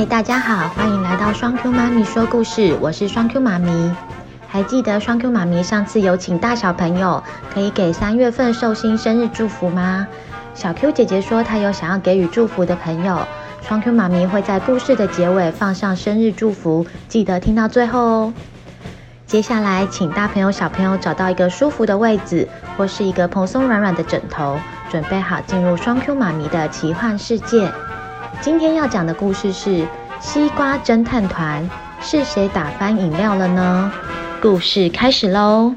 Hey, 大家好，歡迎來到雙 Q 媽咪說故事，我是雙 Q 媽咪。還記得雙 Q 媽咪上次有請大小朋友可以給三月份壽星生日祝福嗎？小 Q 姐姐說她有想要給予祝福的朋友，雙 Q 媽咪會在故事的結尾放上生日祝福，記得聽到最後哦。接下來請大朋友小朋友找到一個舒服的位置，或是一個蓬鬆軟軟的枕頭，準備好進入雙 Q 媽咪的奇幻世界。今天要講的故事是《西瓜偵探團》，是誰打翻飲料了呢？故事開始嘍！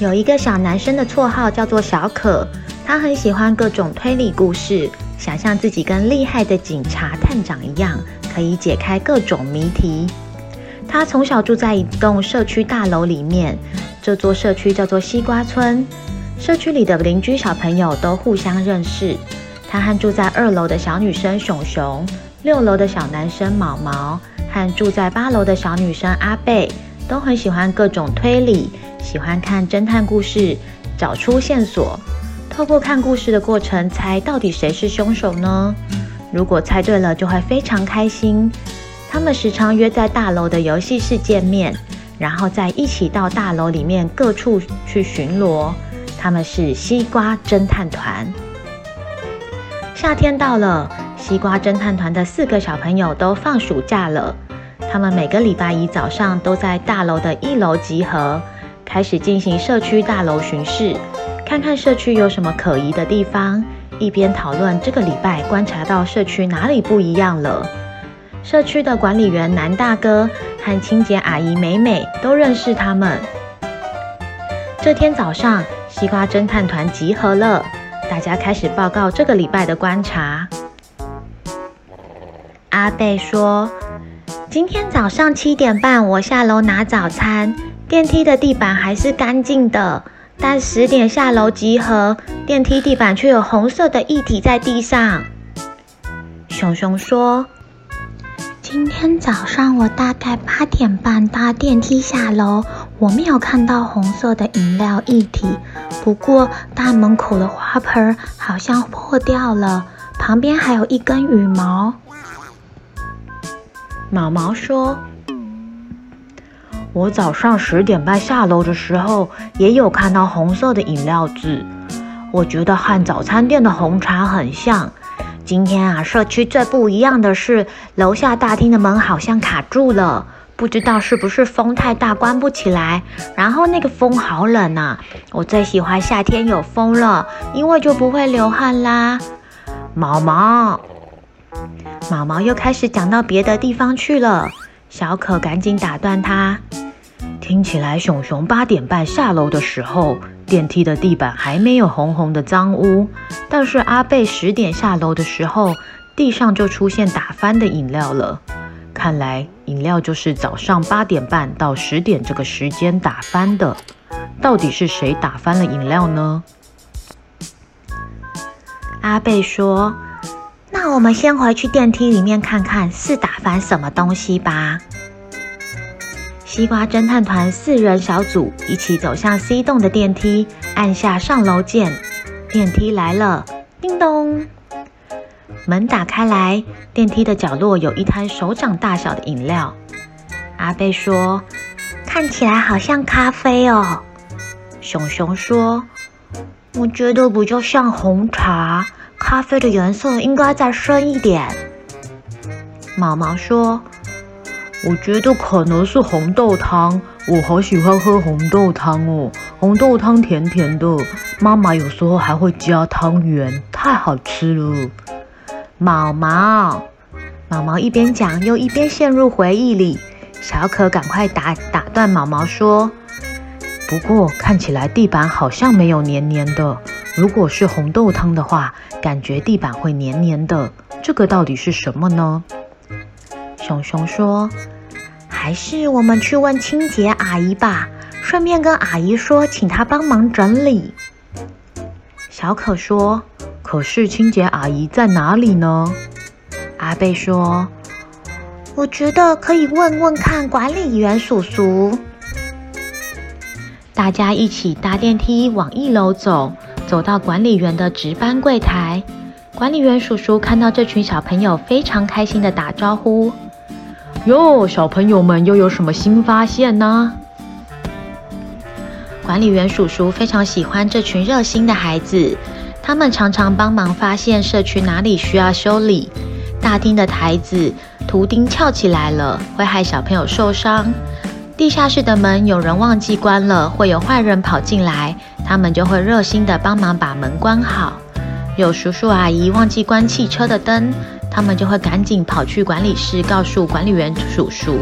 有一個小男生的綽號叫做小可，他很喜歡各種推理故事，想像自己跟厲害的警察探長一樣，可以解開各種謎題。他從小住在一棟社區大樓裡面，這座社區叫做西瓜村。社區裡的鄰居小朋友都互相認識。他和住在二樓的小女生熊熊、六樓的小男生毛毛，和住在八樓的小女生阿貝，都很喜歡各種推理，喜歡看偵探故事，找出線索。透過看故事的過程，猜到底誰是兇手呢？如果猜對了，就會非常開心。他們時常約在大樓的遊戲室見面，然後再一起到大樓裡面各處去巡邏。他們是西瓜偵探團。夏天到了，西瓜偵探團的四個小朋友都放暑假了。他們每個禮拜一早上都在大樓的一樓集合，開始進行社區大樓巡視，看看社區有什麼可疑的地方，一邊討論這個禮拜觀察到社區哪裡不一樣了。社區的管理員男大哥和清潔阿姨美美都認識他們。這天早上。西瓜偵探團集合了，大家開始報告這個禮拜的觀察。阿貝說：“今天早上七點半，我下樓拿早餐，電梯的地板還是乾淨的，但十點下樓集合，電梯地板卻有紅色的液體在地上。”熊熊說。今天早上我大概八點半搭電梯下樓，我沒有看到紅色的飲料液體，不過大門口的花盆好像破掉了，旁邊還有一根羽毛。毛毛說：“我早上十點半下樓的時候，也有看到紅色的飲料子。我覺得和早餐店的紅茶很像。”今天啊，社區最不一樣的是，樓下大廳的門好像卡住了，不知道是不是風太大關不起來？然後那個風好冷啊，我最喜歡夏天有風了，因為就不會流汗啦。毛毛、毛毛又開始講到別的地方去了，小可趕緊打斷他。聽起來熊熊八點半下樓的時候，電梯的地板還沒有紅紅的髒污，但是阿貝十點下樓的時候，地上就出現打翻的飲料了。看來飲料就是早上八點半到十點這個時間打翻的。到底是誰打翻了飲料呢？阿貝說：“那我們先回去電梯裡面看看是打翻什麼東西吧。”西瓜偵探團四人小組一起走向 C 棟的電梯，按下上樓鍵。電梯來了，叮咚，門打開來。電梯的角落有一灘手掌大小的飲料。阿貝說：“看起來好像咖啡哦。”熊熊說：“我覺得不就像紅茶，咖啡的顏色應該再深一點。”毛毛說。我覺得可能是紅豆湯，我好喜歡喝紅豆湯哦。紅豆湯甜甜的，媽媽有時候還會加湯圓，太好吃了。毛毛，毛毛一邊講又一邊陷入回憶裡。小可趕快打打斷毛毛說：“不過看起來地板好像沒有黏黏的。如果是紅豆湯的話，感覺地板會黏黏的。”這個到底是什麼呢？熊熊說。還是我們去問清潔阿姨吧，順便跟阿姨說，請她幫忙整理。小可說：“可是清潔阿姨在哪裡呢？”阿貝說：“我覺得可以問問看管理員叔叔。”大家一起搭電梯往一樓走，走到管理員的值班櫃檯。管理員叔叔看到這群小朋友，非常開心的打招呼。喲，小朋友們又有什麼新發現呢？管理員叔叔非常喜歡這群熱心的孩子，他們常常幫忙發現社區哪裡需要修理。大廳的台子圖釘翹起來了，會害小朋友受傷。地下室的門有人忘記關了，會有壞人跑進來，他們就會熱心的幫忙把門關好。有叔叔阿姨忘記關汽車的燈。他們就會趕緊跑去管理室，告訴管理員叔叔，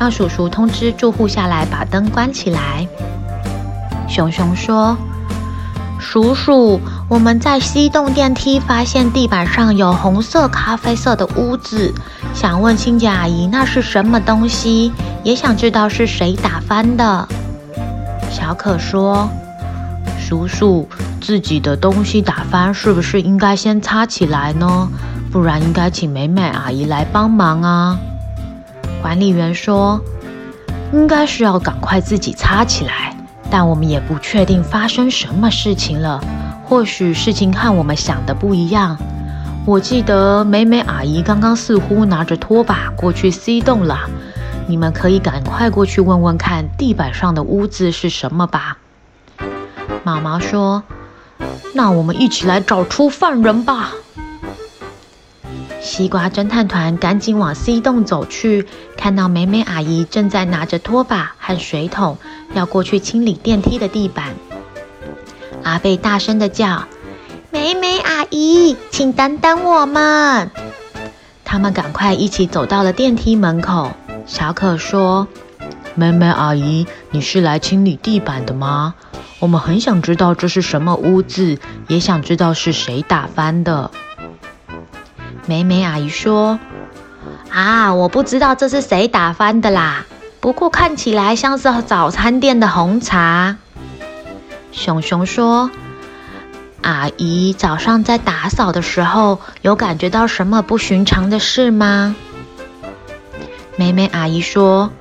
讓叔叔通知住戶下來把燈關起來。熊熊說：“叔叔，我們在 C 棟電梯發現地板上有紅色、咖啡色的污漬，想問清潔阿姨那是什麼東西，也想知道是誰打翻的。”小可說：“叔叔，自己的東西打翻，是不是應該先擦起來呢？”不然應該請美美阿姨來幫忙啊。管理員說，應該是要趕快自己擦起來，但我們也不確定發生什麼事情了。或許事情和我們想的不一樣。我記得美美阿姨剛剛似乎拿着拖把過去 C 棟了，你們可以趕快過去問問看地板上的污漬是什麼吧。媽媽說，那我們一起來找出犯人吧。西瓜偵探團趕緊往 C 棟走去，看到美美阿姨正在拿着拖把和水桶，要過去清理電梯的地板。阿貝大聲地叫：“美美阿姨，請等等我們！”他們趕快一起走到了電梯門口。小可說：“美美阿姨，你是來清理地板的嗎？我們很想知道這是什麼污漬，也想知道是誰打翻的。”美美阿姨說：“啊，我不知道這是誰打翻的啦。不過看起來像是早餐店的紅茶。”熊熊說：“阿姨，早上在打掃的時候，有感覺到什麼不尋常的事嗎？”美美阿姨說：“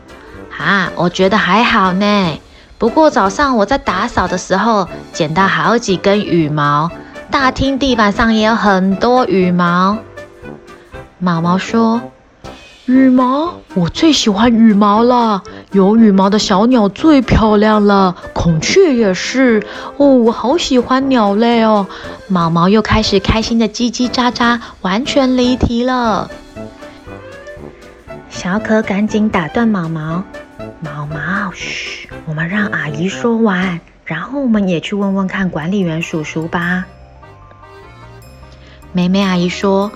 啊，我覺得還好呢。不過早上我在打掃的時候，撿到好幾根羽毛，大廳地板上也有很多羽毛。”毛毛說：“羽毛，我最喜歡羽毛了。有羽毛的小鳥最漂亮了，孔雀也是。哦，我好喜歡鳥類哦。”毛毛又開始開心的嘰嘰喳喳，完全離題了。小可趕緊打斷毛毛：“毛毛，噓，我們讓阿姨說完，然後我們也去問問看管理員叔叔吧。”妹妹阿姨說。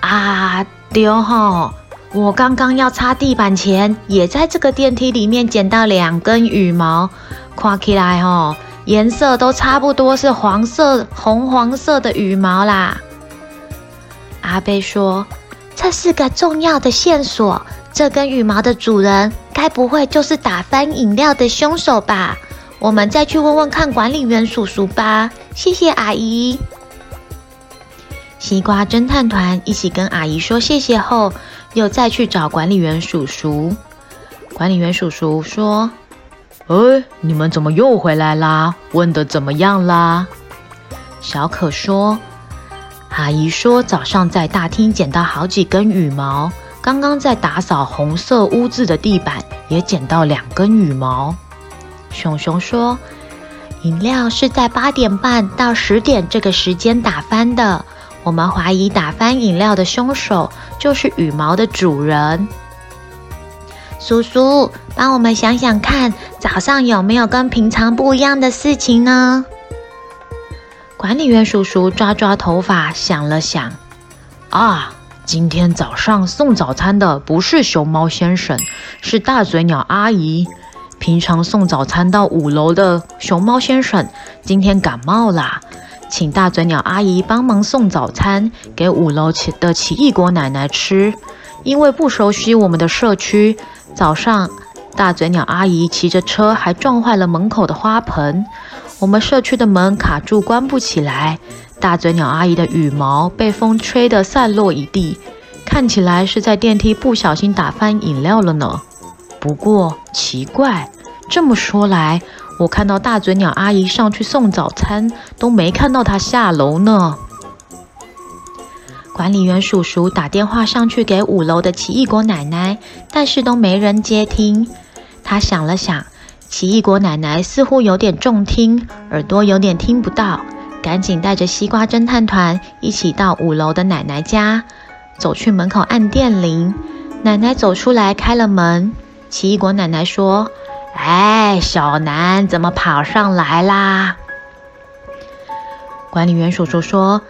啊，對吼、哦，我剛剛要擦地板前，也在這個電梯裡面撿到兩根羽毛，看起來吼、哦，顏色都差不多是黃色、紅黃色的羽毛啦。阿貝說，這是個重要的線索，這根羽毛的主人，該不會就是打翻飲料的凶手吧？我們再去問問看管理員叔叔吧。謝謝阿姨。西瓜偵探團一起跟阿姨說謝謝後，又再去找管理員叔叔。管理員叔叔說：“哎、欸，你們怎麼又回來啦？問得怎麼樣啦？”小可說：“阿姨說早上在大廳撿到好幾根羽毛，剛剛在打掃紅色污漬的地板也撿到兩根羽毛。”熊熊說：“飲料是在八點半到十點這個時間打翻的。”我們懷疑打翻飲料的凶手就是羽毛的主人。叔叔，幫我們想想看，早上有沒有跟平常不一樣的事情呢？管理員叔叔抓抓頭髮，想了想，啊，今天早上送早餐的不是熊貓先生，是大嘴鳥阿姨。平常送早餐到五樓的熊貓先生，今天感冒啦。請大嘴鳥阿姨幫忙送早餐給五樓起的奇異果奶奶吃，因為不熟悉我們的社區。早上，大嘴鳥阿姨騎着車還撞壞了門口的花盆。我們社區的門卡住，關不起來。大嘴鳥阿姨的羽毛被風吹得散落一地，看起來是在電梯不小心打翻飲料了呢。不過奇怪，這麼說來。我看到大嘴鳥阿姨上去送早餐，都沒看到她下樓呢。管理員叔叔打電話上去給五樓的奇異果奶奶，但是都沒人接聽。他想了想，奇異果奶奶似乎有點重聽，耳朵有點聽不到，趕緊帶着西瓜偵探團一起到五樓的奶奶家，走去門口按電鈴。奶奶走出來開了門，奇異果奶奶說。哎，小南怎麼跑上來啦？管理員叔叔說：“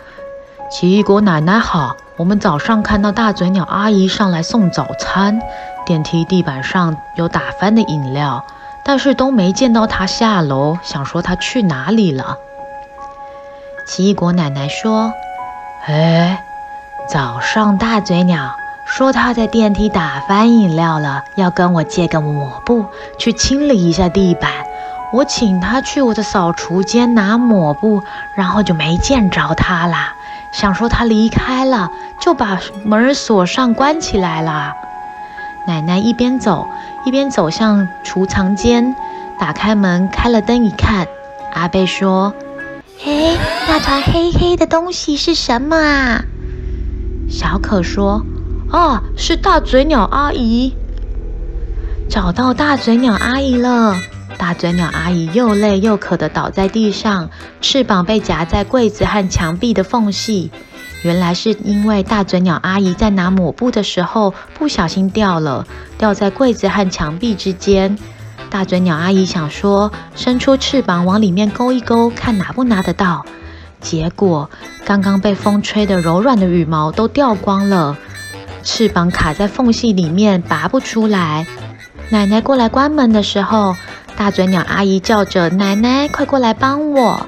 奇異果奶奶好，我們早上看到大嘴鳥阿姨上來送早餐，電梯地板上有打翻的飲料，但是都沒見到她下樓，想說她去哪裡了。”奇異果奶奶說：“哎，早上大嘴鳥。”說他在電梯打翻飲料了，要跟我借個抹布去清理一下地板。我請他去我的掃除間拿抹布，然後就沒見着他啦。想說他離開了，就把門鎖上關起來了。奶奶一邊走一邊走向儲藏間，打開門開了燈一看，阿貝說：“哎，那團黑黑的東西是什麼啊？”小可說。啊、哦，是大嘴鳥阿姨。找到大嘴鳥阿姨了。大嘴鳥阿姨又累又渴的倒在地上，翅膀，被夾在櫃子和牆壁的縫隙。原來是因為大嘴鳥阿姨在拿抹布的時候不小心掉了，掉在櫃子和牆壁之間。大嘴鳥阿姨想說，伸出翅膀往裡面勾一勾，看拿不拿得到。結果剛剛被風吹的柔軟的羽毛都掉光了。翅膀卡在縫隙裡面，拔不出來。奶奶過來關門的時候，大嘴鳥阿姨叫着：“奶奶，快過來幫我！”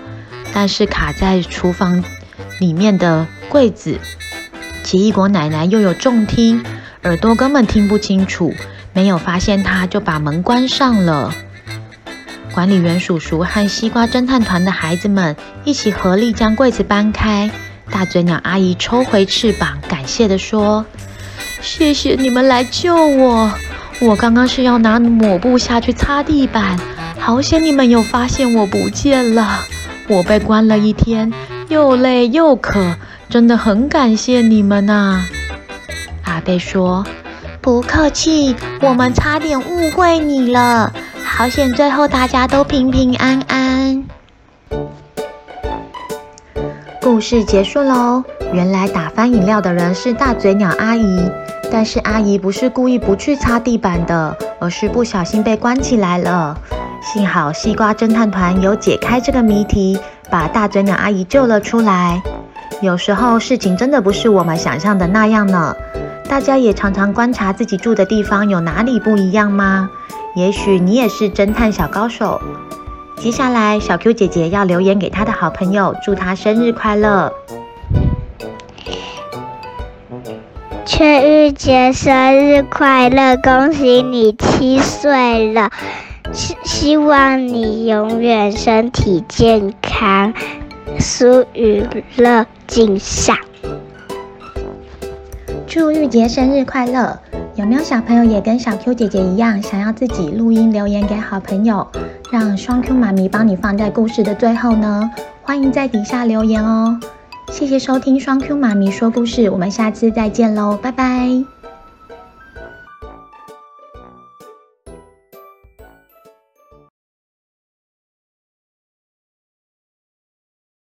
但是卡在廚房裡面的櫃子，奇異果奶奶又有重聽，耳朵根本聽不清楚，沒有發現她，就把門關上了。管理員叔叔和西瓜偵探團的孩子們一起合力將櫃子搬開。大嘴鳥阿姨抽回翅膀，感謝地說。謝謝你們來救我，我剛剛是要拿抹布下去擦地板，好險你們有發現我不見了，我被關了一天，又累又渴，真的很感謝你們吶、啊。阿貝說：“不客氣，我們差點誤會你了，好險最後大家都平平安安。”故事結束嘍。原來打翻飲料的人是大嘴鳥阿姨，但是阿姨不是故意不去擦地板的，而是不小心被關起來了。幸好西瓜偵探團有解開這個謎題，把大嘴鳥阿姨救了出來。有時候事情真的不是我們想象的那樣呢。大家也常常觀察自己住的地方有哪裡不一樣嗎？也許你也是偵探小高手。接下來，小 Q 姐姐要留言給她的好朋友，祝她生日快樂。祝玉潔生日快樂，恭喜你七歲了，希希望你永遠身體健康，舒愉樂敬上。祝玉潔生日快樂！有沒有小朋友也跟小 Q 姐姐一樣，想要自己錄音留言給好朋友？讓雙 Q 媽咪幫你放在故事的最後呢？歡迎在底下留言哦！謝謝收聽雙 Q 媽咪說故事，我們下次再見嘍，拜拜。